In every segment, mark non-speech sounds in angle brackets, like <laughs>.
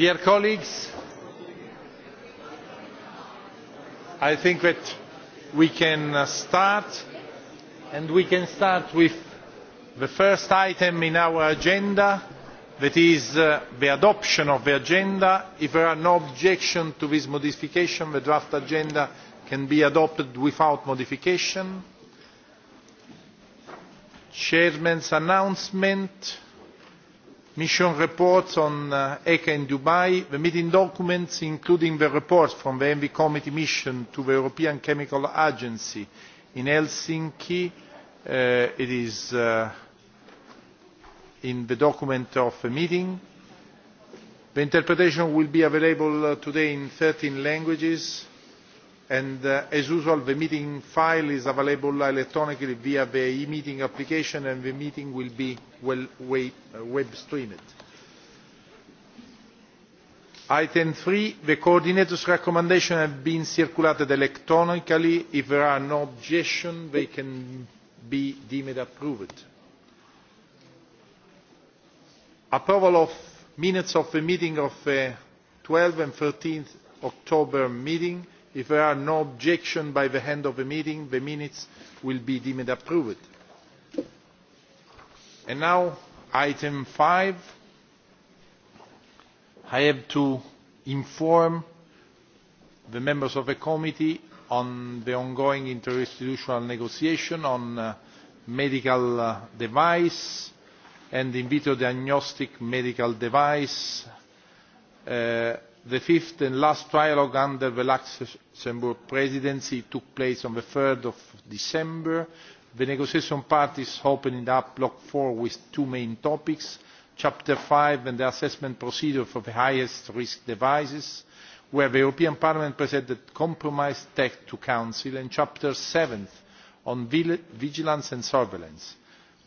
Dear colleagues, I think that we can uh, start and we can start with the first item in our agenda that is uh, the adoption of the agenda. If there are no objections to this modification, the draft agenda can be adopted without modification. Chairman's announcement mission reports on uh, ECHA in dubai the meeting documents including the reports from the envi committee mission to the european chemical agency in helsinki uh, it is uh, in the document of the meeting. the interpretation will be available today in thirteen languages and uh, as usual the meeting file is available electronically via the e meeting application and the meeting will be uh, web, streamed. item three the coordinators' recommendations have been circulated electronically. if there are no objections they can be deemed approved. approval of minutes of the meeting of twelve and thirteen october meeting if there are no objections by the end of the meeting the minutes will be deemed approved. and now item five i have to inform the members of the committee on the ongoing interinstitutional negotiation on uh, medical uh, device and in vitro diagnostic medical device uh, the fifth and last trialogue under the luxembourg presidency took place on three december. the negotiation parties opened up block four with two main topics chapter five and the assessment procedure for the highest risk devices where the european parliament presented a compromise text to council and chapter seven on vigilance and surveillance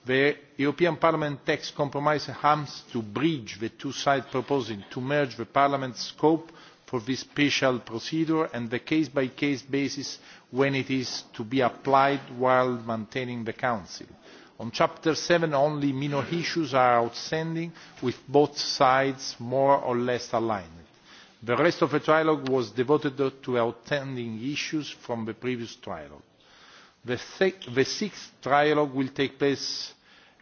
the european parliament text compromise aims to bridge the two sides proposing to merge the parliament's scope for this special procedure and the case by case basis when it is to be applied while maintaining the council. on chapter seven only minor issues are outstanding with both sides more or less aligned. the rest of the trilogue was devoted to outstanding issues from the previous trilogue. The, sixth trialogue will take place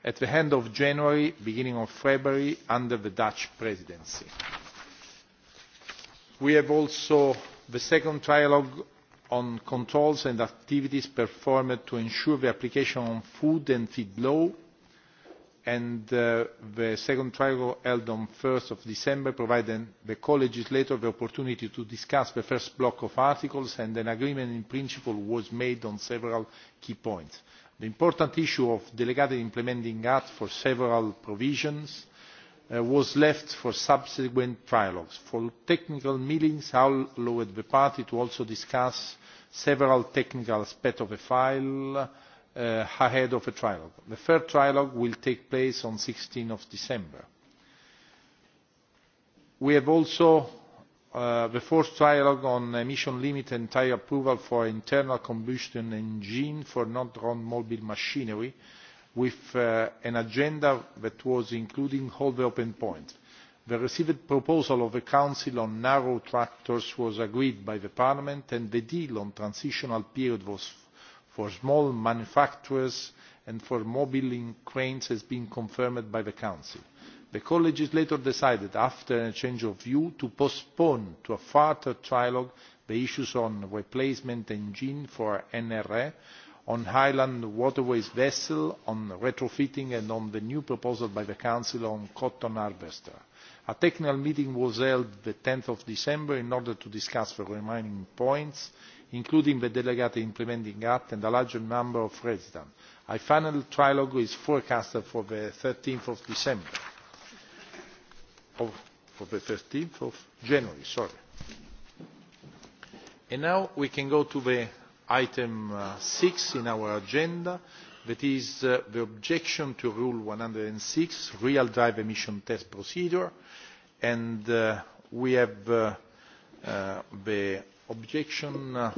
at the end of January, beginning of February, under the Dutch presidency. We have also the second trialogue on controls and activities performed to ensure the application of food and feed law and uh, the second trilogue held on one december provided the co legislator the opportunity to discuss the first block of articles and an agreement in principle was made on several key points. the important issue of delegated implementing acts for several provisions uh, was left for subsequent trilogues. for technical meetings i allowed the party to also discuss several technical aspects of the file Uh, ahead of a trilogue. the third trilogue will take place on sixteen december. we have also uh, the fourth trilogue on emission limit and tyre approval for internal combustion engine for non mobile machinery with uh, an agenda that was including all the open points. the received proposal of the council on narrow tractors was agreed by parliament and the deal on transitional period was for small manufacturers and for mobile cranes has been confirmed by the council. the co legislator decided after a change of view to postpone to a further trilogue the issues on replacement engine for nra on highland waterways vessels on retrofitting and on the new proposal by the council on cotton harvester. a technical meeting was held on ten december in order to discuss the remaining points including the delegated implementing act and a larger number of residents. a final trilogue is forecasted for thirteen december oh, the 13th of January. And now we can go to item uh, six in our agenda, that is uh, the objection to Rule 106, real drive emission test procedure, and uh, we have the objection uh,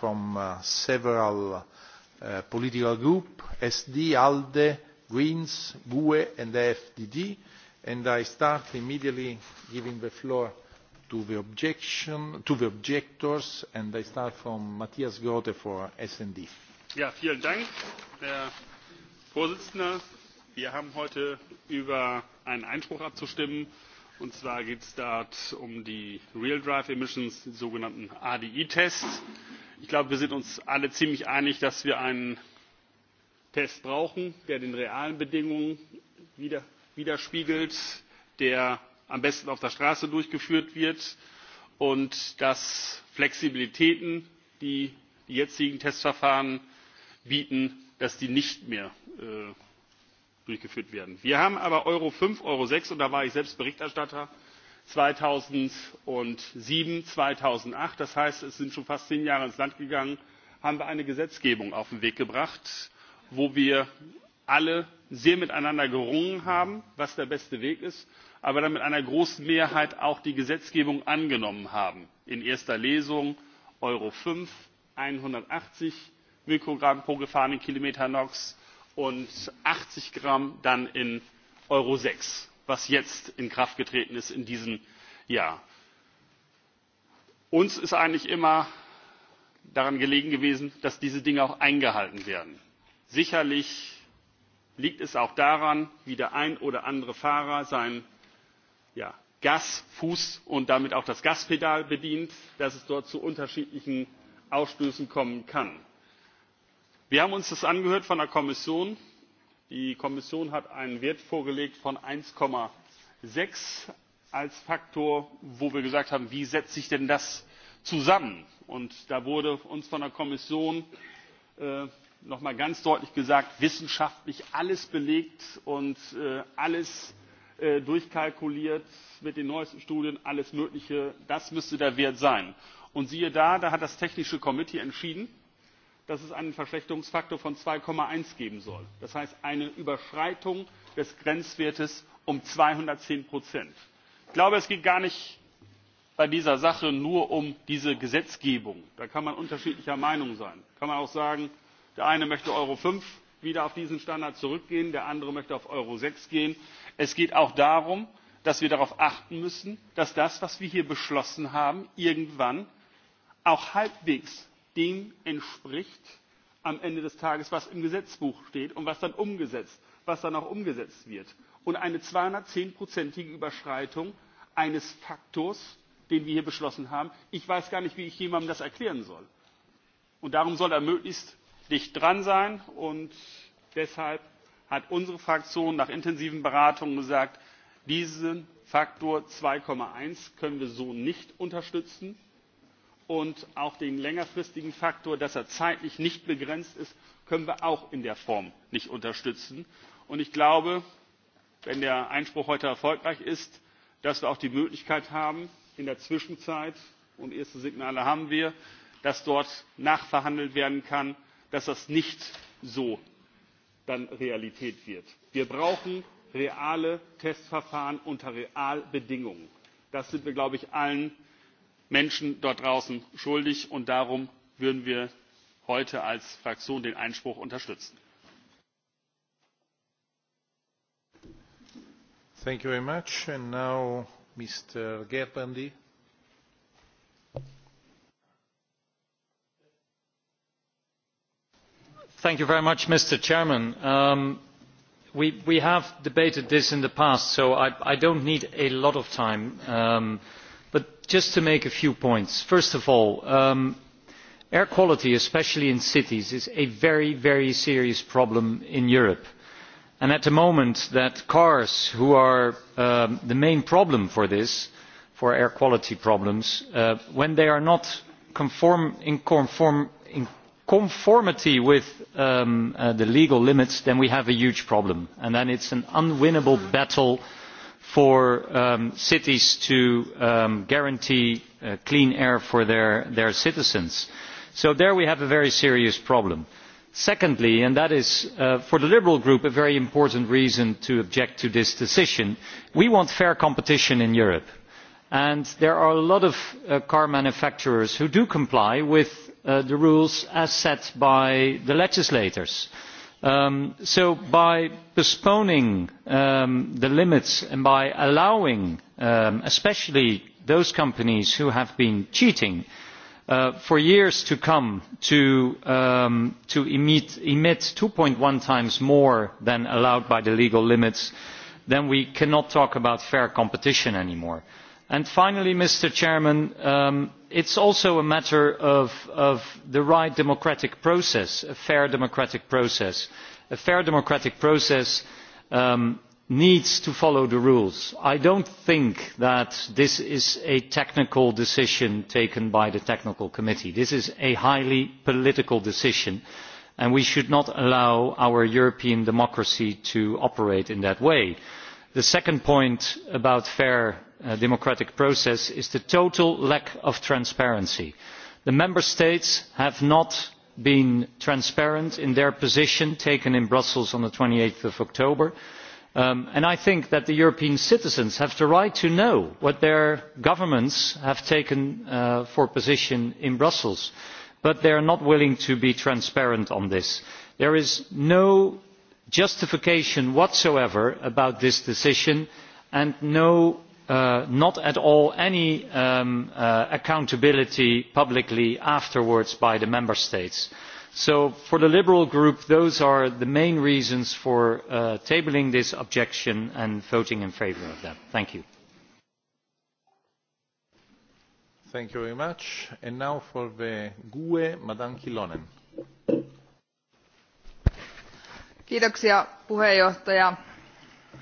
from uh, several uh, political groups sd alde greens gue and the FDD. and i start immediately giving the floor to the, objection, to the objectors and i start from matthias grote for sd. Ja, vielen Dank, herr präsident! wir haben heute über einen einspruch abzustimmen. Und zwar geht es dort da um die Real Drive Emissions, die sogenannten adi tests Ich glaube, wir sind uns alle ziemlich einig, dass wir einen Test brauchen, der den realen Bedingungen wieder, widerspiegelt, der am besten auf der Straße durchgeführt wird und dass Flexibilitäten, die die jetzigen Testverfahren bieten, dass die nicht mehr äh, durchgeführt werden. wir haben aber euro fünf euro sechs und da war ich selbst berichterstatter zweitausendsieben zweitausendacht das heißt es sind schon fast zehn jahre ins land gegangen haben wir eine gesetzgebung auf den weg gebracht wo wir alle sehr miteinander gerungen haben was der beste weg ist aber dann mit einer großen mehrheit auch die gesetzgebung angenommen haben in erster lesung euro fünf einhundertachtzig mikrogramm pro gefahrenen kilometer nox und achtzig gramm dann in euro sechs was jetzt in kraft getreten ist in diesem jahr. uns ist eigentlich immer daran gelegen gewesen dass diese dinge auch eingehalten werden. sicherlich liegt es auch daran wie der ein oder andere fahrer sein ja, gasfuß und damit auch das gaspedal bedient dass es dort zu unterschiedlichen ausstößen kommen kann wir haben uns das angehört von der kommission die kommission hat einen wert vorgelegt von eins sechs als faktor wo wir gesagt haben wie setzt sich denn das zusammen? und da wurde uns von der kommission äh, noch einmal ganz deutlich gesagt wissenschaftlich alles belegt und äh, alles äh, durchkalkuliert mit den neuesten studien alles mögliche das müsste der wert sein. und siehe da da hat das technische komitee entschieden dass es einen verschlechterungsfaktor von zwei eins geben soll das heißt eine überschreitung des grenzwertes um. zweihundertzehn ich glaube es geht bei dieser sache gar nicht nur um diese gesetzgebung da kann man unterschiedlicher meinung sein da kann man auch sagen der eine möchte euro fünf wieder auf diesen standard zurückgehen der andere möchte auf euro sechs gehen. es geht auch darum dass wir darauf achten müssen dass das was wir hier beschlossen haben irgendwann auch halbwegs dem entspricht am Ende des Tages, was im Gesetzbuch steht und was dann umgesetzt, was dann auch umgesetzt wird. Und eine 210-prozentige Überschreitung eines Faktors, den wir hier beschlossen haben, ich weiß gar nicht, wie ich jemandem das erklären soll. Und darum soll er möglichst dicht dran sein. Und deshalb hat unsere Fraktion nach intensiven Beratungen gesagt, diesen Faktor 2,1 können wir so nicht unterstützen und auch den längerfristigen faktor dass er zeitlich nicht begrenzt ist können wir auch in der form nicht unterstützen. und ich glaube wenn der einspruch heute erfolgreich ist dass wir auch die möglichkeit haben in der zwischenzeit und erste signale haben wir dass dort nachverhandelt werden kann dass das dann nicht so realität wird. wir brauchen reale testverfahren unter realbedingungen. das sind wir glaube ich allen menschen dort draußen schuldig und darum würden wir heute als fraktion den einspruch unterstützen. Much, mr president um, we, we have debated this in the past so i, I do not need a lot of time. Um, just to make a few points first of all um, air quality especially in cities is a very very serious problem in europe and at the moment that cars which are um, the main problem for this for air quality problems uh, when they are not in, conformity with um, uh, the legal limits then we have a huge problem and then it is an unwinnable battle for um, cities to um, guarantee uh, clean air for their, citizens. so there we have a very serious problem. secondly and that is uh, for the liberal group a very important reason to object to this decision we want fair competition in europe and there are a lot of uh, car manufacturers who do comply with the rules as set by the legislators. Um, so by postponing um, the limits and by allowing um, especially those companies who have been cheating uh, for years to come to, emit, emit 2.1 times more than allowed by the legal limits, then we cannot talk about fair competition anymore. And finally, Mr. Chairman, it is also a matter of, the right democratic process a fair democratic process. a fair democratic process um, needs to follow the rules. i do not think that this is a technical decision taken by the technical committee. this is a highly political decision and we should not allow our european democracy to operate in that way. the second point about fair Uh, democratic process is the total lack of transparency. the member states have not been transparent in their position taken in brussels on twenty eight october um, and i think that the european citizens have the right to know what their governments have taken uh, for position in brussels but they are not willing to be transparent on this. there is no justification whatsoever about this decision and no Uh, not at all any um, uh, accountability publicly afterwards by the member states. so for the liberal group those are the main reasons for uh, tabling this objection and voting in favour of them. thank you. thank you very much. and now for the gue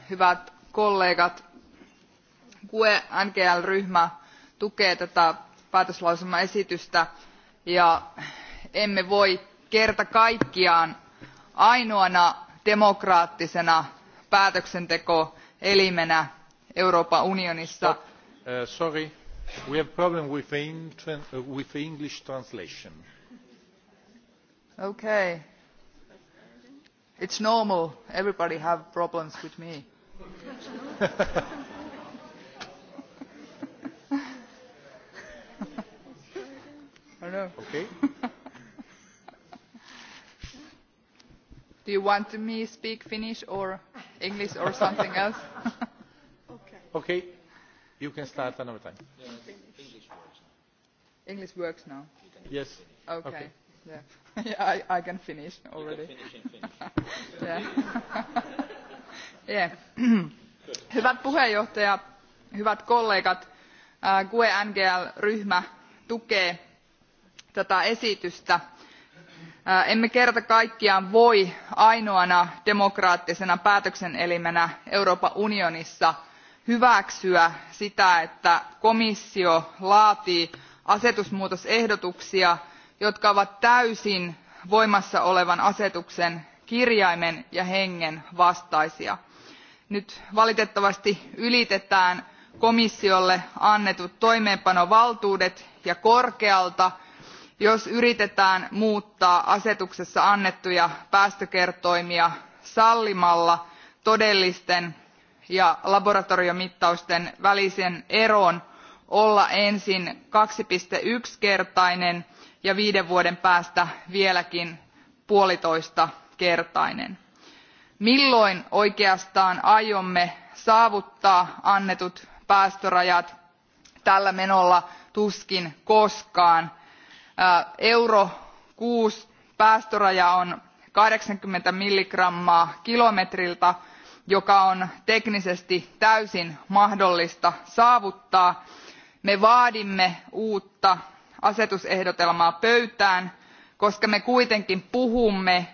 hyvät kollegat gue ngl ryhmä tukee tätä päätöslauselmaesitystä ja emme voi kerta kaikkiaan ainoana demokraattisena päätöksentekoelimenä euroopan unionissa Okay. <laughs> Do you want me to speak Finnish or English or something else? <laughs> okay. Okay. You can start okay. another time. Yeah, English works. English works now. Yes. Okay. okay. Yeah. <laughs> yeah, I, I can finish already. yeah. yeah. <clears throat> Hyvät puheenjohtaja, hyvät kollegat, QE-NGL-ryhmä tukee tätä esitystä. emme kerta kaikkiaan voi ainoana demokraattisena päätöksenelimenä euroopan unionissa hyväksyä sitä että komissio laatii asetusmuutosehdotuksia jotka ovat täysin voimassa olevan asetuksen kirjaimen ja hengen vastaisia. nyt valitettavasti ylitetään komissiolle annetut toimeenpanovaltuudet ja korkealta jos yritetään muuttaa asetuksessa annettuja päästökertoimia sallimalla todellisten ja laboratoriomittausten välisen eron olla ensin kaksi yksi kertainen ja viiden vuoden päästä vieläkin puolitoista kertainen. milloin oikeastaan aiomme saavuttaa annetut päästörajat? tällä menolla tuskin koskaan euro kuusi päästöraja on kahdeksankymmentä milligrammaa kilometriltä joka on teknisesti täysin mahdollista saavuttaa. me vaadimme uutta asetusehdotelmaa pöytään koska me kuitenkin puhumme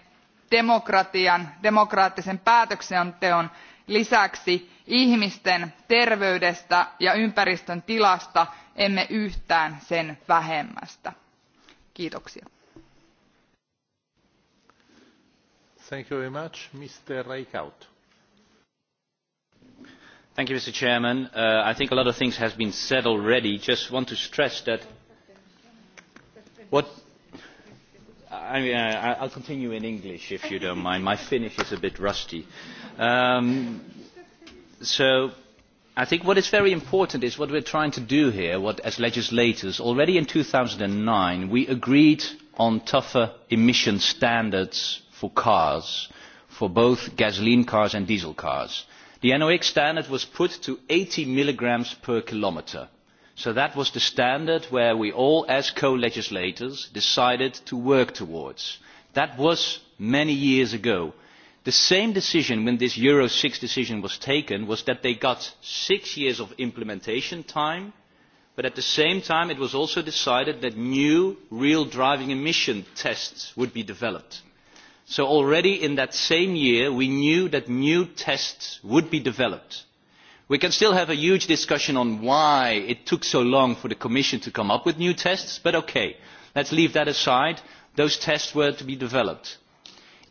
demokratian demokraattisen päätöksenteon lisäksi ihmisten terveydestä ja ympäristön tilasta emme yhtään sen vähemmästä kiitoksia. Thank you very much. Mr. Reichaut. Thank you, Mr. Chairman. Uh, I think a lot of things have been said already. Just want to stress that what I mean, uh, I'll continue in English if you don't mind. My Finnish is a bit rusty. Um, so I think what is very important is what we are trying to do here, as legislators, already in 2009 we agreed on tougher emission standards for cars, for both gasoline cars and diesel cars. The NOx standard was put to 80 milligrams per kilometre. So that was the standard where we all as co-legislators decided to work towards. That was many years ago the same decision when this euro six decision was taken was that they got six years of implementation time but at the same time it was also decided that new real driving emission tests would be developed. so already in that same year we knew that new tests would be developed. we can still have a huge discussion on why it took so long for the commission to come up with new tests but ok let us leave that aside those tests were to be developed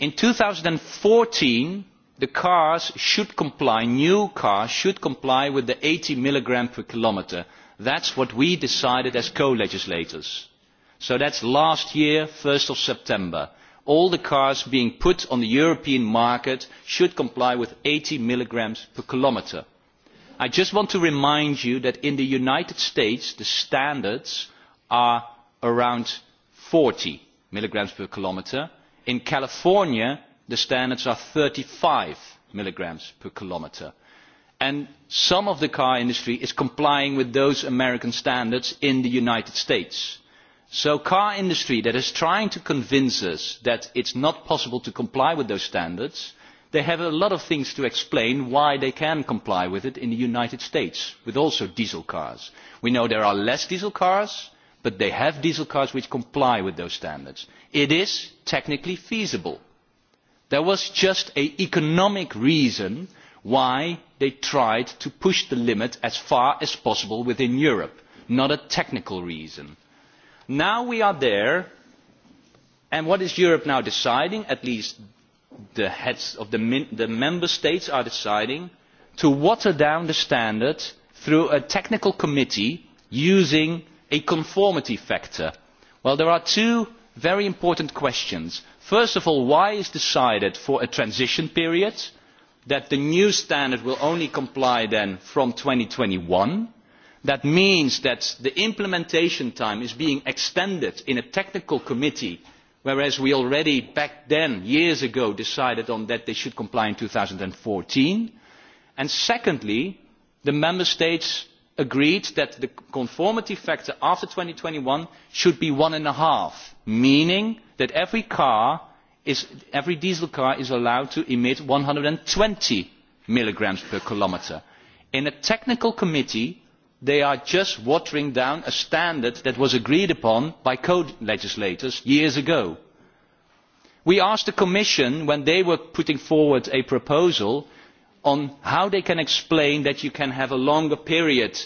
in two thousand and fourteen the cars should comply new cars should comply with the eighty mg km that is what we decided as co legislators so that is last year one september all the cars being put on the european market should comply with eighty mg km. i just want to remind you that in the united states the standards are around forty mg km in california the standards are thirty five milligrams per kilometre and some of the car industry is complying with those american standards in the united states. so the car industry that is trying to convince us that it is not possible to comply with those standards has a lot of things to explain why they can comply with them in the united states with also diesel cars. we know there are fewer diesel cars but they have diesel cars which comply with those standards. it is technically feasible. there was just an economic reason why they tried to push the limit as far as possible within europe not a technical reason. now we are there and what is europe now deciding at least the heads of the, the member states are deciding to water down the standard through a technical committee using a conformity factor? well there are two very important questions. first of all why is it decided for a transition period that the new standard will only comply then from? two thousand and twenty one that means that the implementation time is being extended in a technical committee whereas we already back then years ago decided that they should comply in. two thousand and fourteen and secondly the member states agreed that the conformity factor after two thousand and twenty one should be one and a half meaning that every diesel car is allowed to emit one hundred and twenty milligrams per kilometre. in a technical committee they are just watering down a standard that was agreed upon by co legislators years ago. we asked the commission when they were putting forward a proposal on how they can explain that you can have a longer period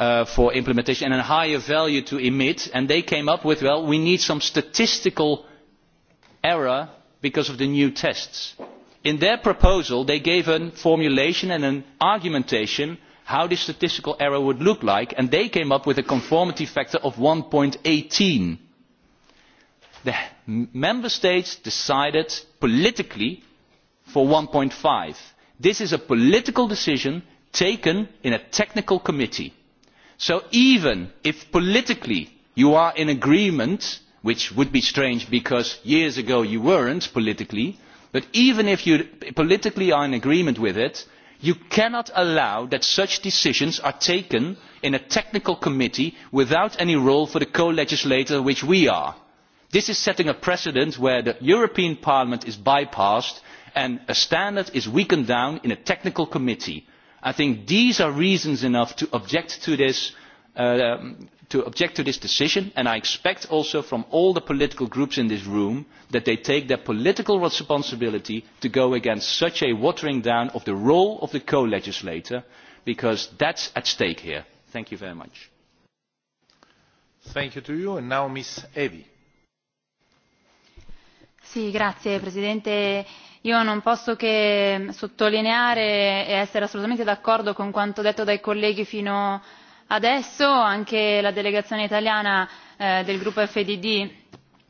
Uh, for implementation and a higher value to emit and they came up with well we need some statistical error because of the new tests. in their proposal they gave a formulation and an argumentation how this statistical error would look like and they came up with a conformity factor of. one eighteen the member states decided politically for. one five this is a political decision taken in a technical committee so even if politically you are in agreement which would be strange because years ago you were not politically but even if you are politically in agreement with it you cannot allow such decisions to be taken in a technical committee without any role for the co legislator which we are. this is setting a precedent where the european parliament is bypassed and a standard is weakened down in a technical committee i think these are reasons enough uh, um, to object to this decision and i expect also from all the political groups in this room that they take their political responsibility to go against such a watering down of the role of the co legislator because that is at stake here. thank you very much. thank you to you and now ms evi. grazie io non posso che sottolineare ed essere assolutamente d'accordo con quanto detto dai colleghi fino adesso anche la delegazione italiana eh, del gruppo efdd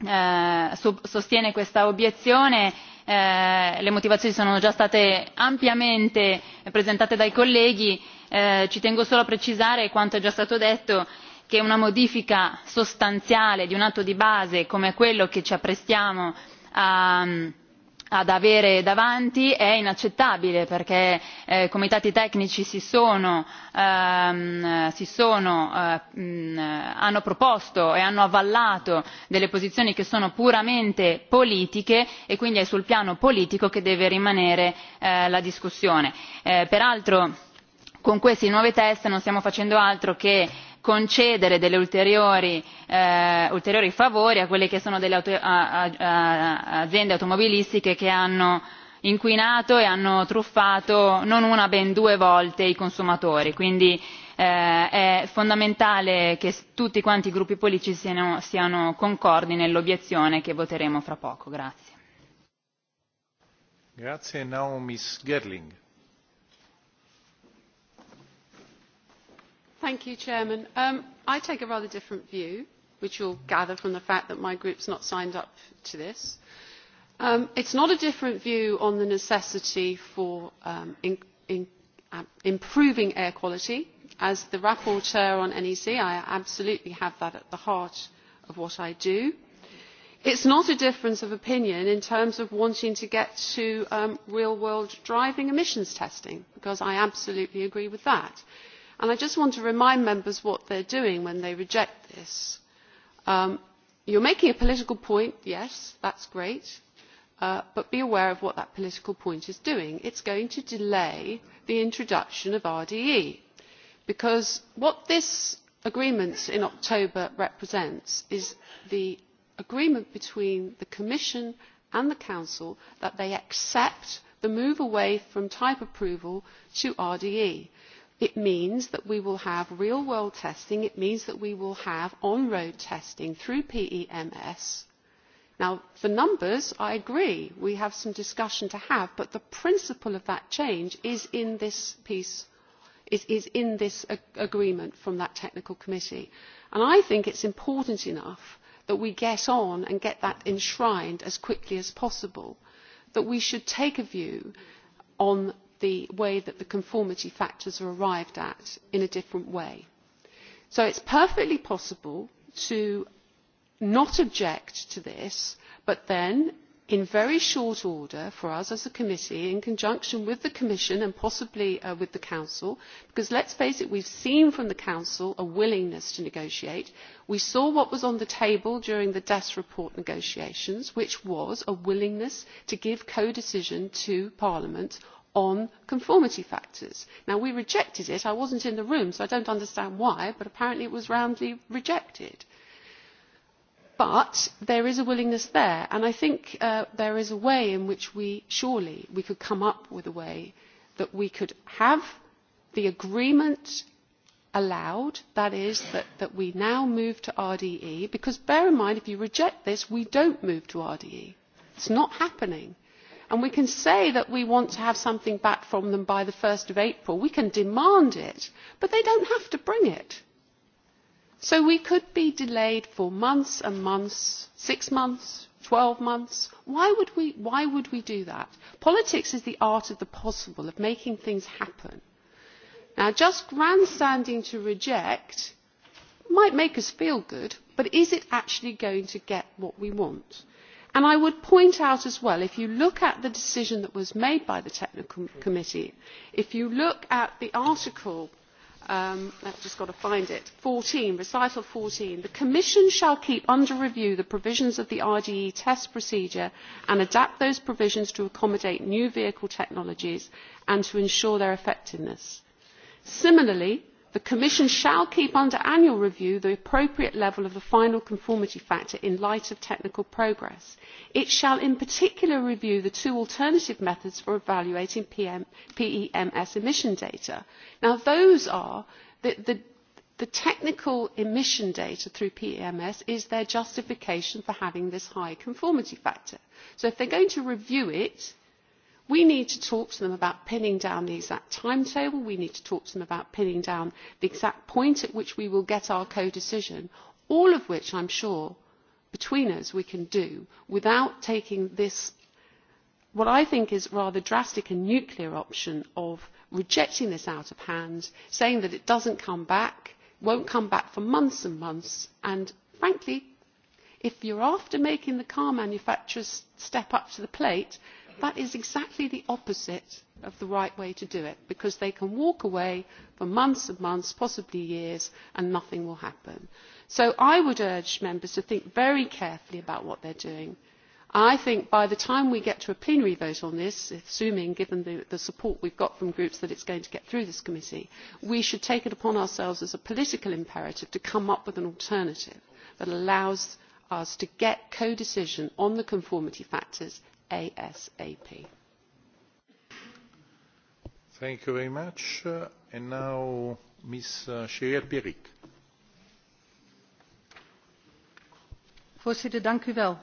eh, sostiene questa obiezione eh, le motivazioni sono già state ampiamente presentate dai colleghi ci tengo solo a precisare quanto è già stato detto che una modifica sostanziale di un atto di base come quello che ci apprestiamo a ad avere davanti è inaccettabile perché i eh, comitati tecnici ehm, eh, hanno proposto e hanno avallato delle posizioni che sono puramente politiche e quindi è sul piano politico che deve rimanere eh, la discussione. peraltro con questi nuovi test non stiamo facendo altro che concedere degli ulteriori, eh, ulteriori favori a quelle che sono delle auto, a, a, aziende automobilistiche che hanno inquinato e hanno truffato non una ben due volte i consumatori quindi eh, è fondamentale che tutti quanti i gruppi politici siano, siano concordi nell'obiezione che voteremo fra poco. Grazie. Grazie, now, Thank you, Chairman. Um, I take a rather different view, which you'll gather from the fact that my group has not signed up to this. it um, it's not a different view on the necessity for um, uh, improving air quality. As the rapporteur on NEC, I absolutely have that at the heart of what I do. It's not a difference of opinion in terms of wanting to get to real-world driving emissions testing, because I absolutely agree with that I just want to remind members what they're doing when they reject this. you um, you're making a political point, yes, that's great, uh, but be aware of what that political point is doing. It's going to delay the introduction of RDE because what this agreement in October represents is the agreement between the Commission and the Council that they accept the move away from type approval to RDE It means that we will have real world testing. It means that we will have on road testing through PEMS. Now, the numbers, I agree, we have some discussion to have, but the principle of that change is in this piece, is, in this agreement from that technical committee. And I think it's important enough that we get on and get that enshrined as quickly as possible, that we should take a view on the way that the conformity factors are arrived at in a different way. So it is perfectly possible to not object to this, but then in very short order for us as a committee in conjunction with the commission and possibly uh, with the council because let us face it we have seen from the council a willingness to negotiate we saw what was on the table during the DES report negotiations which was a willingness to give codecision to parliament on conformity factors. Now, we rejected it. I wasn't in the room, so I don't understand why, but apparently it was roundly rejected. But there is a willingness there, and I think uh, there is a way in which we surely we could come up with a way that we could have the agreement allowed, that is, that, that we now move to RDE, because bear in mind, if you reject this, we don't move to RDE. It's not happening and we can say that we want to have something back from them by the 1st of April. We can demand it, but they don't have to bring it. So we could be delayed for months and months, six months, 12 months. Why would, we, why would we do that? Politics is the art of the possible, of making things happen. Now, just grandstanding to reject might make us feel good, but is it actually going to get what we want? And i would point out as well if you look at the decision that was made by the technical committee if you look at the article um, i have just got to find it 14, recital fourteen the commission shall keep under review the provisions of the rde test procedure and adapt those provisions to accommodate new vehicle technologies and to ensure their effectiveness. similarly the commission shall keep under annual review the appropriate level of the final conformity factor in light of technical progress. it shall in particular review the two alternative methods for evaluating pems emission data. now those are the, the, technical emission data through pems is their justification for having this high conformity factor. so if they are going to review it we need to talk to them about pinning down the exact timetable we need to talk to them about pinning down the exact point at which we will get our codecision all of which i am sure between us we can do without taking this what i think is rather drastic and nuclear option of rejecting this out of hand saying that it does not come back won't come back for months and months and frankly if you are after making the car manufacturers step up to the plate that is exactly the opposite of the right way to do it because they can walk away for months and months possibly years and nothing will happen. so i would urge members to think very carefully about what they are doing. i think by the time we get to a plenary vote on this assuming given the, the support we have got from groups that it is going to get through this committee we should take it upon ourselves as a political imperative to come up with an alternative that allows us to get codecision on the conformity factors ASAP. Thank you very much. Uh, and now, Ms. Sheria Pirik. Voorzitter, dank u wel.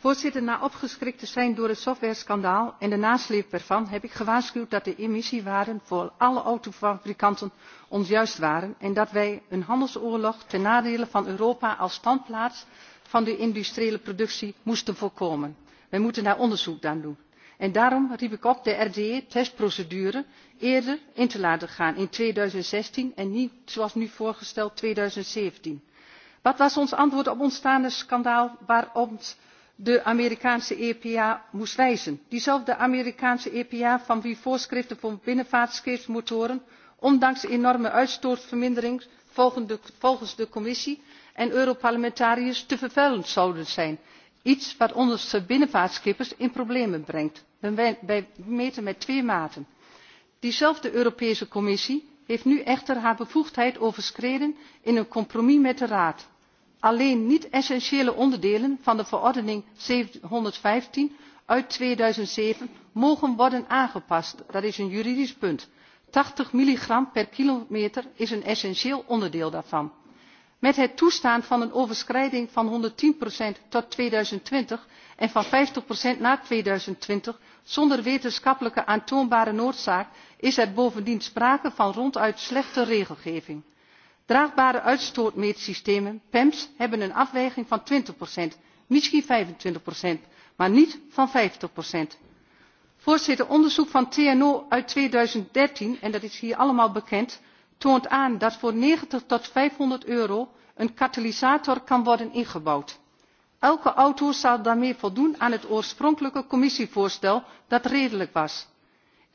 Voorzitter, na opgeschrikt te zijn door het softwareschandaal en de nasleep ervan, heb ik gewaarschuwd dat de emissiewaarden voor alle autofabrikanten onjuist waren en dat wij een handelsoorlog ten nadele van Europa als standplaats van de industriële productie moesten voorkomen wij moeten daar onderzoek naar doen. en daarom riep ik op de rde testprocedure eerder in te laten gaan in tweeduizendzestien en niet zoals nu voorgesteld. tweeduizendzeventien wat was ons antwoord op het schandaal waarop de amerikaanse epa moest wijzen diezelfde amerikaanse epa van wie voorschriften voor binnenvaartscheepsmotoren ondanks enorme uitstootvermindering volgens de commissie en europarlementariërs te vervuilend zouden zijn iets wat onze binnenvaartschippers in de problemen brengt. wij meten met twee maten. diezelfde europese commissie heeft nu echter haar bevoegdheid overschreden in een compromis met de raad. alleen niet essentiële onderdelen van de verordening zevenhonderdvijftien uit tweeduizendzeven mogen worden aangepast dat is een juridisch punt. tachtig milligram per kilometer is een essentieel onderdeel daarvan met het toestaan van een overschrijding van honderdtien tot tweeduizendtwintig en van vijftig na tweeduizendtwintig zonder wetenschappelijke aantoonbare noodzaak is er bovendien sprake van ronduit slechte regelgeving. draagbare uitstootmeetsystemen pems hebben een afwijking van twintig misschien vijfentwintig maar niet van. vijftig voorzitter onderzoek van tno uit tweeduizenddertien en dat is hier allemaal bekend toont aan dat voor negentig tot vijfhonderd euro een katalysator kan worden ingebouwd. elke auto zal daarmee voldoen aan het oorspronkelijke commissievoorstel dat redelijk was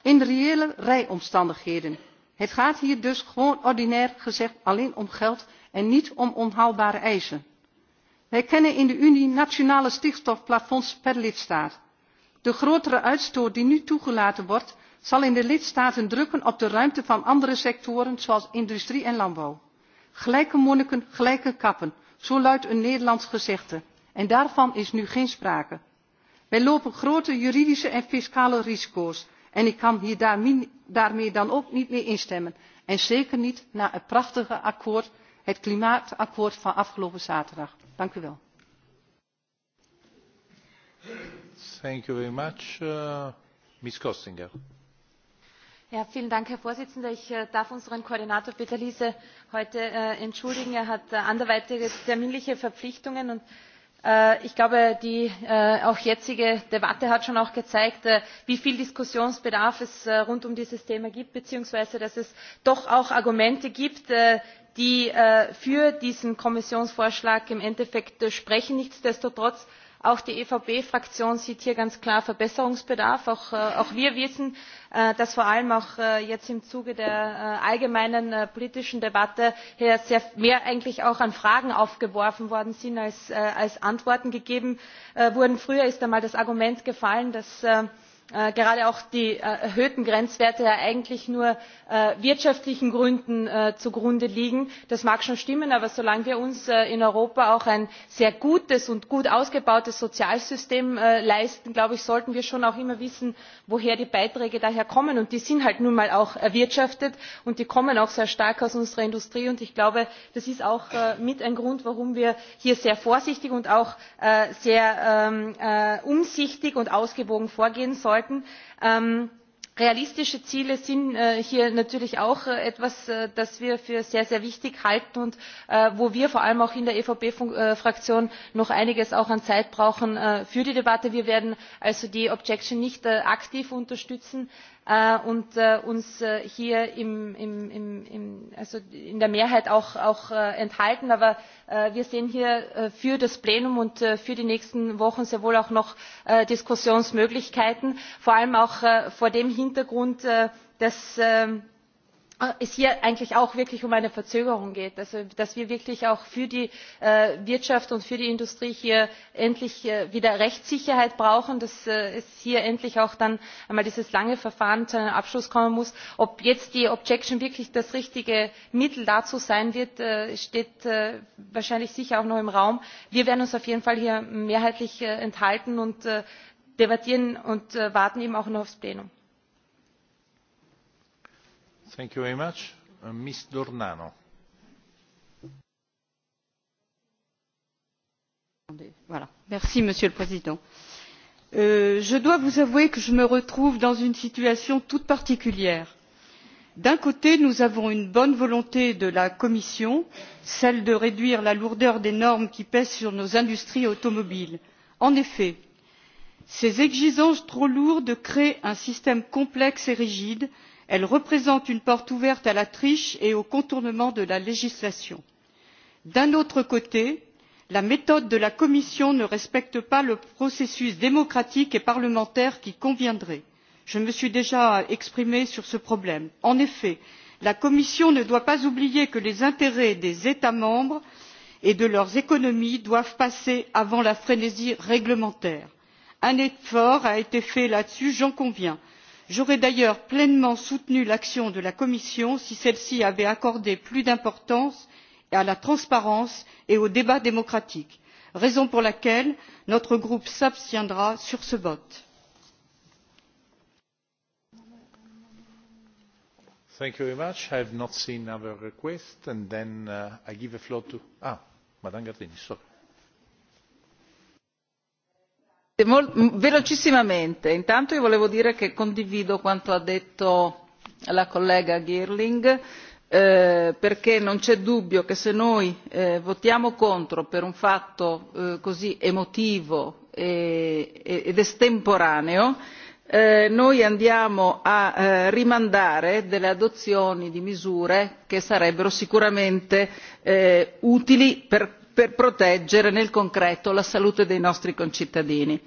in reële rijomstandigheden. het gaat hier dus gewoon ordinair gezegd alleen om geld en niet om onhaalbare eisen. wij kennen in de unie nationale stikstofplafonds per lidstaat. de grotere uitstoot die nu toegelaten zal in de lidstaten drukken op de ruimte van andere sectoren zoals industrie en landbouw. gelijke monniken gelijke kappen zo luidt een nederlands gezegde en daarvan is nu geen sprake. wij lopen grote juridische en fiscale risico's en ik kan daarmee dan ook niet mee instemmen en zeker niet na het prachtige akkoord het klimaatakkoord van afgelopen zaterdag. dank u wel. Herr präsident! Ich äh, darf unseren Koordinator Peter Liese heute äh, entschuldigen. Er hat äh, anderweitige terminliche Verpflichtungen ich glaube die jetzige debatte hat schon auch gezeigt wie viel diskussionsbedarf es rund um dieses thema gibt beziehungsweise dass es doch auch argumente gibt die für diesen kommissionsvorschlag im endeffekt sprechen. nichtsdestotrotz auch die evp fraktion sieht hier ganz klar verbesserungsbedarf. auch, äh, wir wissen äh, dass vor allem auch äh, jetzt im zuge der allgemeinen politischen debatte hier sehr mehr eigentlich auch an fragen aufgeworfen worden sind als antworten gegeben wurden. früher ist einmal das argument gefallen dass Äh, gerade auch die äh, erhöhten grenzwerte ja eigentlich nur äh, wirtschaftlichen gründen zugrunde liegen das mag schon stimmen aber solange wir uns in europa auch ein sehr gutes und gut ausgebautes sozialsystem leisten sollten wir schon auch immer wissen woher die beiträge daher kommen und die sind halt nun mal auch erwirtschaftet und die kommen auch sehr stark aus unserer industrie und ich glaube das ist auch mit ein grund warum wir hier sehr vorsichtig und auch sehr ähm, umsichtig und ausgewogen vorgehen sollten. Ähm, realistische ziele sind äh, hier natürlich auch äh, etwas äh, das wir für sehr sehr wichtig halten und wo wir vor allem auch in der evp fraktion noch einiges an zeit brauchen für die debatte. wir werden also die objection nicht aktiv unterstützen Äh, und äh, uns äh, hier in der mehrheit auch, auch enthalten. aber wir sehen hier für das plenum und für die nächsten wochen sehr wohl auch noch diskussionsmöglichkeiten vor allem auch vor dem hintergrund dass Ah, es hier eigentlich auch wirklich um eine verzögerung geht dass wir wirklich auch für die äh, wirtschaft und für die industrie hier endlich äh, wieder rechtssicherheit brauchen dass äh, es hier endlich auch dann einmal dieses lange verfahren zu einem abschluss kommen muss. ob jetzt die objection wirklich das richtige mittel dazu sein wird steht wahrscheinlich sicher auch noch im raum. wir werden uns auf jeden fall hier mehrheitlich enthalten und debattieren und warten eben auch noch aufs plenum. Uh, Monsieur le Président. Euh, je dois vous avouer que je me retrouve dans une situation toute particulière d'un côté nous avons une bonne volonté de la commission celle de réduire la lourdeur des normes qui pèsent sur nos industries automobiles. en effet ces exigences trop lourdes créent un système complexe et rigide qui de de et elle représente une porte ouverte à la triche et au contournement de la législation. d'un autre côté la méthode de la commission ne respecte pas le processus démocratique et parlementaire qui conviendrait. je me suis déjà exprimée sur ce problème. en effet la commission ne doit pas oublier que les intérêts des états membres et de leurs économies doivent passer avant la frénésie réglementaire. un effort a été fait là dessus j'en conviens j'aurais d'ailleurs pleinement soutenu l'action de la commission si celle ci avait accordé plus d'importance à la transparence et au débat démocratique raison pour laquelle notre groupe s'abstiendra sur ce vote. velocissimamente intanto io volevo dire che condivido quanto ha detto la collega girling eh, perché non c'è dubbio che se noi eh, votiamo contro per un fatto eh, così emotivo ed estemporaneo noi andiamo a rimandare delle adozioni di misure che sarebbero sicuramente utili per per proteggere nel concreto la salute dei nostri concittadini.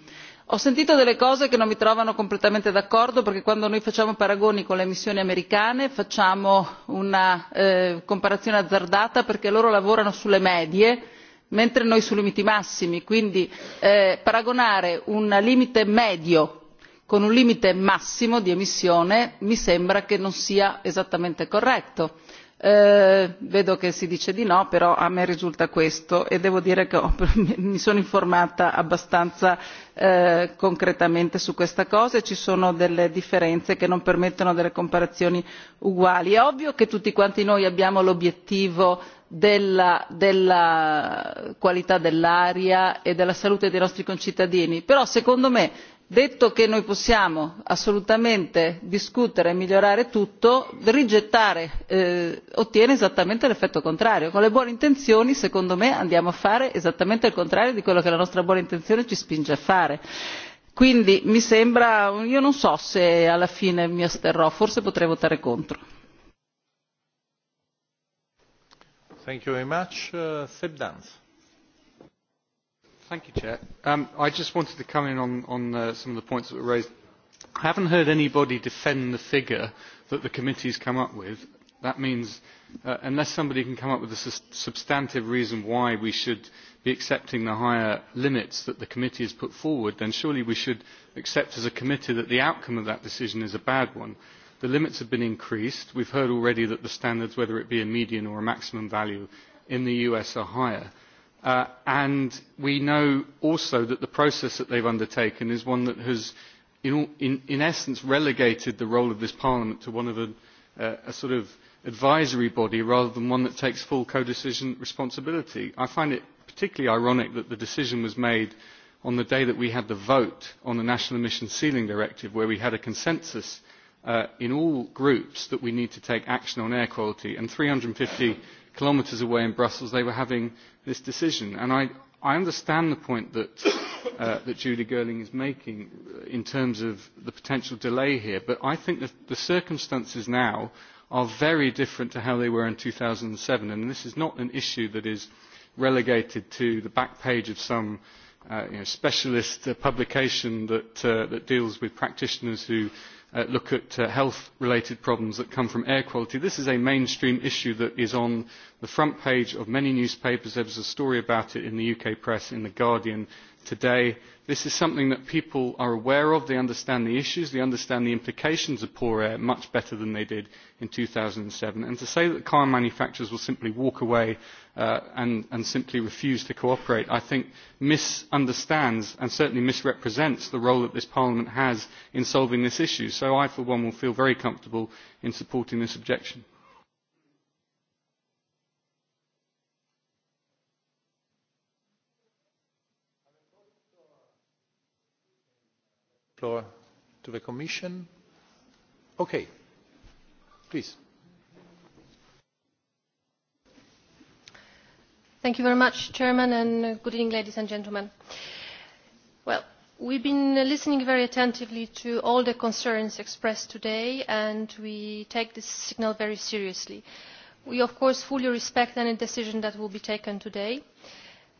ho sentito delle cose che non mi trovano completamente d'accordo perché quando noi facciamo paragoni con le emissioni americane facciamo una eh, comparazione azzardata perché loro lavorano sulle medie mentre noi sui limiti massimi quindi eh, paragonare un limite medio con un limite massimo di emissione mi sembra che non sia esattamente corretto. Eh, vedo che si dice di no però a me risulta questo e devo dire che <laughs> mi sono informata abbastanza eh, concretamente su questa cosa e ci sono delle differenze che non permettono delle comparazioni uguali. è ovvio che tutti quanti noi abbiamo l'obiettivo della qualità dell'aria e della salute dei nostri concittadini però secondo me detto che noi possiamo assolutamente discutere e migliorare tutto rigettare eh, ottiene esattamente l'effetto contrario con le buone intenzioni secondo me andiamo a fare esattamente il contrario di quello che la nostra buona intenzione ci spinge a fare. quindi mi sembra io non so se alla fine mi asterrò forse potrei votare contro. Thank you very much. Uh, Thank you, um, I just wanted to come in on, uh, some of the points that were raised. I haven't heard anybody defend the figure that the committee has come up with. That means uh, unless somebody can come up with a substantive reason why we should be accepting the higher limits that the committee has put forward, then surely we should accept as a committee that the outcome of that decision is a bad one. The limits have been increased. We've heard already that the standards, whether it be a median or a maximum value, in the US are higher Uh, and we know also that the process that they have undertaken is one that has in, essence relegated the role of this parliament to one of a, sort of advisory body rather than one that takes full codecision responsibility. i find it particularly ironic that the decision was made on the day that we had the vote on the national emission ceiling directive where we had a consensus Uh, in all groups that we need to take action on air quality and three hundred and fifty kilometres away in Brussels they were having this decision. I, understand the point that, <coughs> uh, julie girling is making uh, in terms of the potential delay here, but I think that the circumstances now are very different to how they were in two thousand and seven and this is not an issue that is relegated to the back page of some specialist publication that deals with practitioners who Uh, look at uh, health related problems that come from air quality. this is a mainstream issue that is on the front page of many newspapers. there was a story about it in the uk press in the guardian today this is something that people are aware of they understand the issues they understand the implications of poor air much better than they did in two thousand and seven and to say that car manufacturers will simply walk away uh, and simply refuse to cooperate i think misunderstands and certainly misrepresents the role that this parliament has in solving this issue so i for one will feel very comfortable in supporting this objection. floor to the Commission. Okay, please. Thank you very much, Chairman, and good evening, ladies and gentlemen. Well, we've been listening very attentively to all the concerns expressed today, and we take this signal very seriously. We, of course, fully respect any decision that will be taken today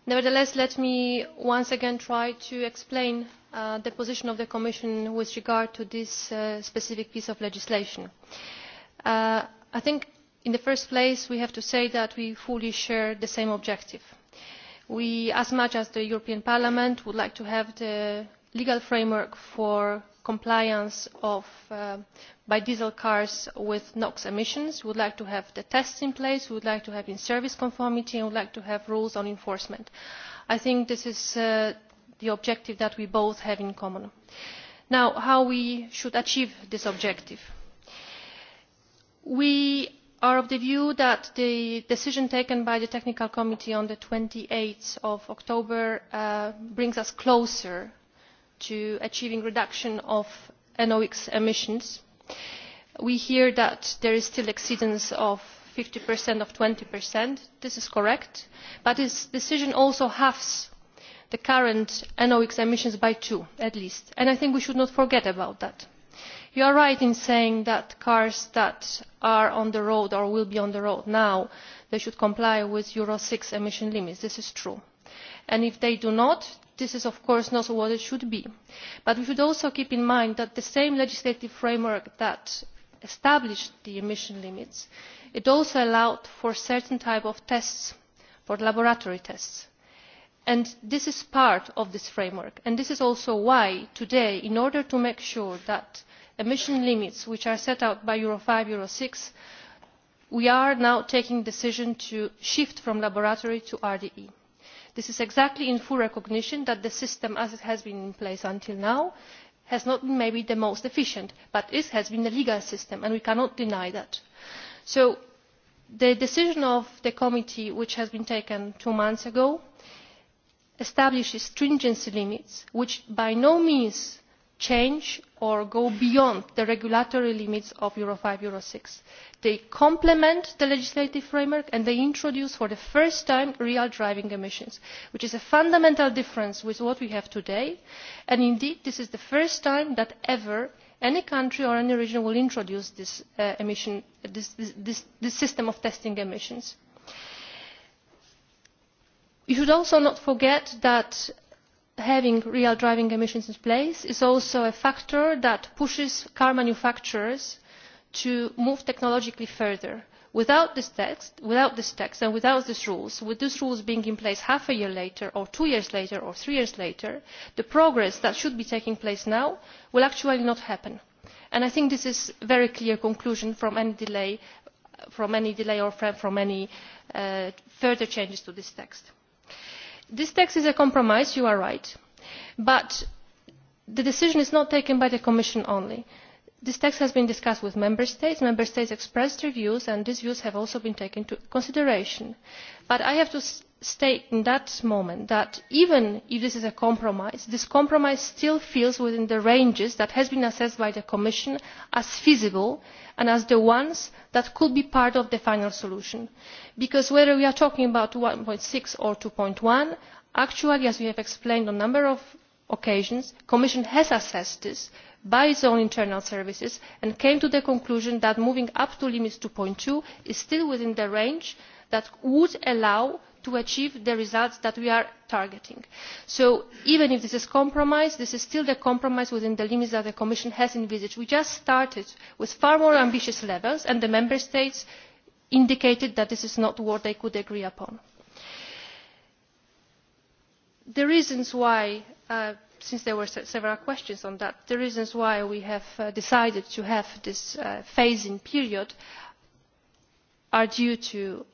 nevertheless let me once again try to explain uh, the position of the commission with regard to this uh, specific piece of legislation. Uh, i think in the first place we have to say that we fully share the same objective. we as much as the european parliament would like to have the legal framework for compliance of uh, biodiesel cars with NOx emissions. We would like to have the tests in place. We would like to have in-service conformity and we would like to have rules on enforcement. I think this is uh, the objective that we both have in common. Now, how we should achieve this objective. We are of the view that the decision taken by the technical committee on twenty eight october uh, brings us closer to achieving reduction of NOx emissions. We hear that there is still exceedance of 50% of 20%. This is correct, but this decision also halves the current NOx emissions by two, at least, and I think we should not forget about that. You are right in saying that cars that are on the road or will be on the road now, they should comply with Euro 6 emission limits. This is true. And if they do not, this is of course not what it should be but we should also keep in mind that the same legislative framework that established the emission limits also allowed for certain types of tests for laboratory tests and this is part of this framework and this is also why today in order to make sure that emission limits which are set out by euro five and euro six we are now taking the decision to shift from laboratory to rde this is exactly in full recognition that the system as it has been in place until now has not been maybe the most efficient but it has been a legal system and we cannot deny that. so the decision of the committee which has been taken two months ago establishes stringency limits which by no means change or go beyond the regulatory limits of euro five euro six they complement the legislative framework and they introduce for the first time real driving emissions which is a fundamental difference with what we have today and indeed this is the first time that ever any country or any region will introduce this, uh, this system of testing emissions. you should also not forget that having real driving emissions in place is also a factor that pushes car manufacturers to move technologically further. Without this, text, without this text and without these rules with these rules being in place half a year later or two years later or three years later the progress that should be taking place now will actually not happen. And i think this is a very clear conclusion from any delay, from any delay or from any uh, further changes to this text this text is a compromise you are right but the decision is not taken by the commission only. this text has been discussed with member states member states expressed their views and these views have also been taken into consideration but i have state in that moment that even if this is a compromise this compromise still falls within the ranges that have been assessed by the commission as feasible and as the ones that could be part of the final solution because whether we are talking about. one six or. two one actually as we have explained on a number of occasions the commission has assessed this by its own internal services and came to the conclusion that moving up to limits. two two is still within the range that would allow to achieve the results that we are targeting. so even if this is a compromise this is still a compromise within the limits that the commission has envisaged. we just started with far more ambitious levels and the member states indicated that this is not what they could agree upon. the reasons why uh, since there were several questions on that the reasons why we have uh, decided to have this uh, phase in period are due to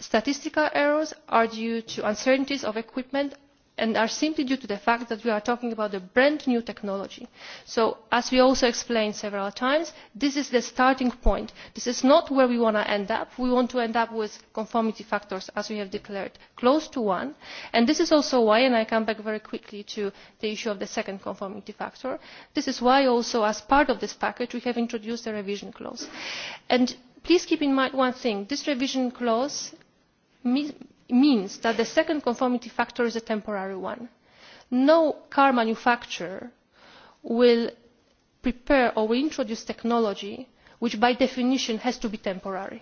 statistical errors are due to uncertainties of equipment and are simply due to the fact that we are talking about a brand new technology. so as we also explained several times this is the starting point. this is not where we want to end up. we want to end up with conformity factors as we have declared close to one and this is also why and i come back very quickly to the issue of the second conformity factor this is why also as part of this package we have introduced a revision clause. please keep in mind one thing this revision clause means that the second conformity factor is a temporary one. no car manufacturer will prepare or will introduce technology which by definition has to be temporary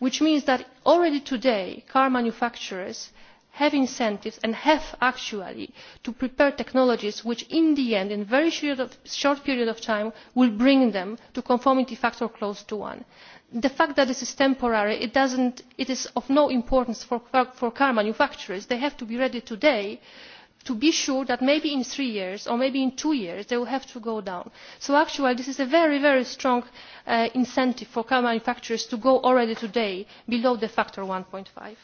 which means that already today car manufacturers have incentives and have actually to prepare technologies which in the end in a very short period of time will bring them to conformity factor close to one. the fact that this is temporary it is of no importance for, car manufacturers. they have to be ready today to be sure that maybe in three years or maybe in two years they will have to go down. so actually this is a very very strong uh, incentive for car manufacturers to go already today below the factor of. one five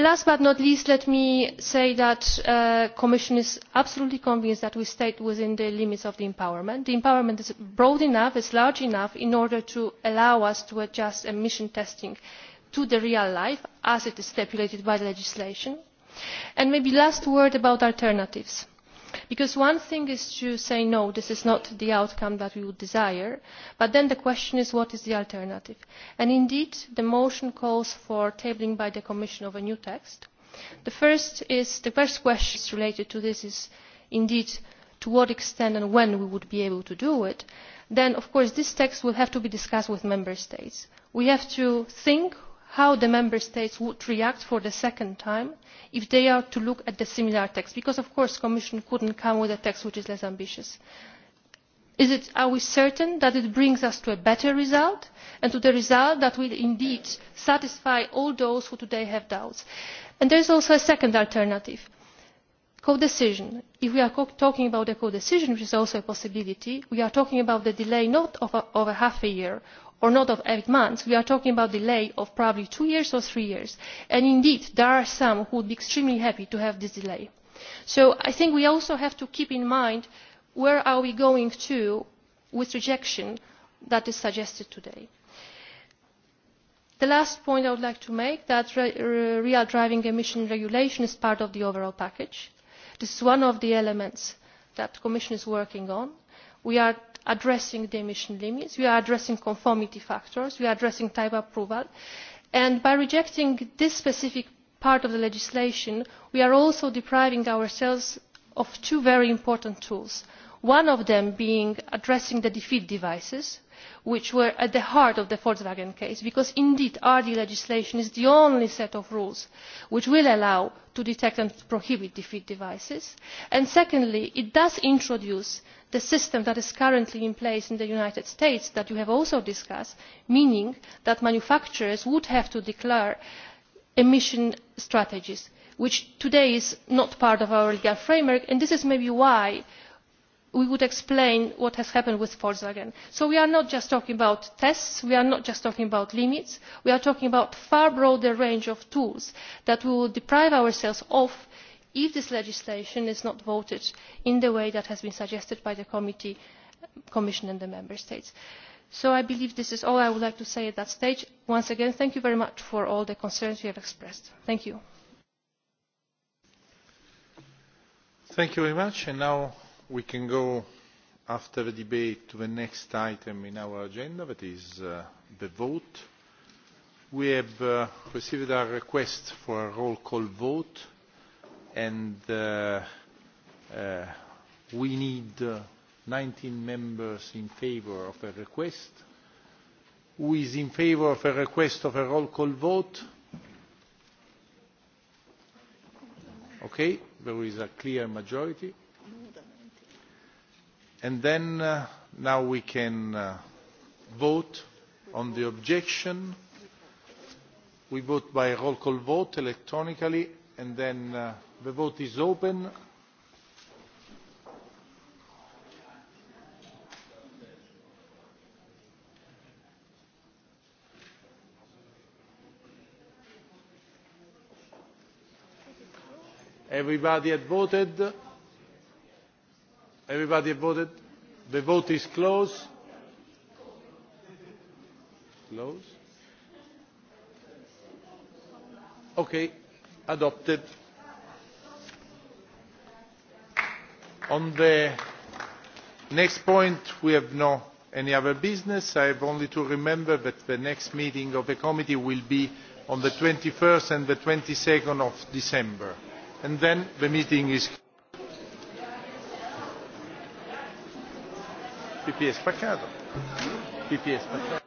last but not least let me say that the uh, commission is absolutely convinced that we stayed within the limits of the empowerment. the empowerment is broad enough and large enough in order to allow us to adjust emission testing to real life as is stipulated by the legislation. and maybe a last word about alternatives because one thing is to say no this is not the outcome that we would desire but then the question is what is the alternative? and indeed the motion calls for tabling by the commission of a new text. the first, is, the first question related to this is indeed to what extent and when we would be able to do it then of course this text will have to be discussed with member states. we have to think how the member states would react for the second time if they are to look at the similar text because of course the commission could not come with a text which is less ambitious. are we certain that it brings us to a better result and to the result that will indeed satisfy all those who today have doubts? And there is also a second alternative codecision. if we are talking about codecision which is also a possibility we are talking about a delay not of, of a half a year or not of eight months we are talking about a delay of probably two years or three years and indeed there are some who would be extremely happy to have this delay. so i think we also have to keep in mind where we are going to with the rejection that is suggested today. the last point i would like to make is that the real driving emission regulation is part of the overall package. this is one of the elements that the commission is working on. we are addressing the emission limits we are addressing conformity factors we are addressing type approval and by rejecting this specific part of the legislation we are also depriving ourselves of two very important tools one of them being addressing the defeat devices which were at the heart of the volkswagen case because indeed rd legislation is the only set of rules which will allow to detect and prohibit defeat devices and secondly it does introduce the system that is currently in place in the united states that you have also discussed meaning that manufacturers would have to declare emission strategies which today is not part of our legal framework and this is maybe why we would explain what has happened with volkswagen. so we are not just talking about tests we are not just talking about limits we are talking about a far broader range of tools that we will deprive ourselves of if this legislation is not voted in the way that has been suggested by the committee commission and the member states. so i believe this is all i would like to say at that stage. once again thank you very much for all the concerns you have expressed. thank you. thank you very much. and now we can go after the debate to the next item in our agenda that is uh, the vote. we have uh, received a request for a roll call vote and uh, uh we need uh, nineteen members in favour of a request. who is in favour of a request of a roll call vote? okay there is a clear majority and then uh, now we can uh, vote on the objection. We vote by roll call vote electronically and then uh, the vote is open. Everybody had voted. Everybody voted? The vote is closed. Close. Okay, adopted. On the next point, we have no any other business. I have only to remember that the next meeting of the committee will be on the 21st and the 22nd of December. And then the meeting is PP è spaccato. PP è spaccato.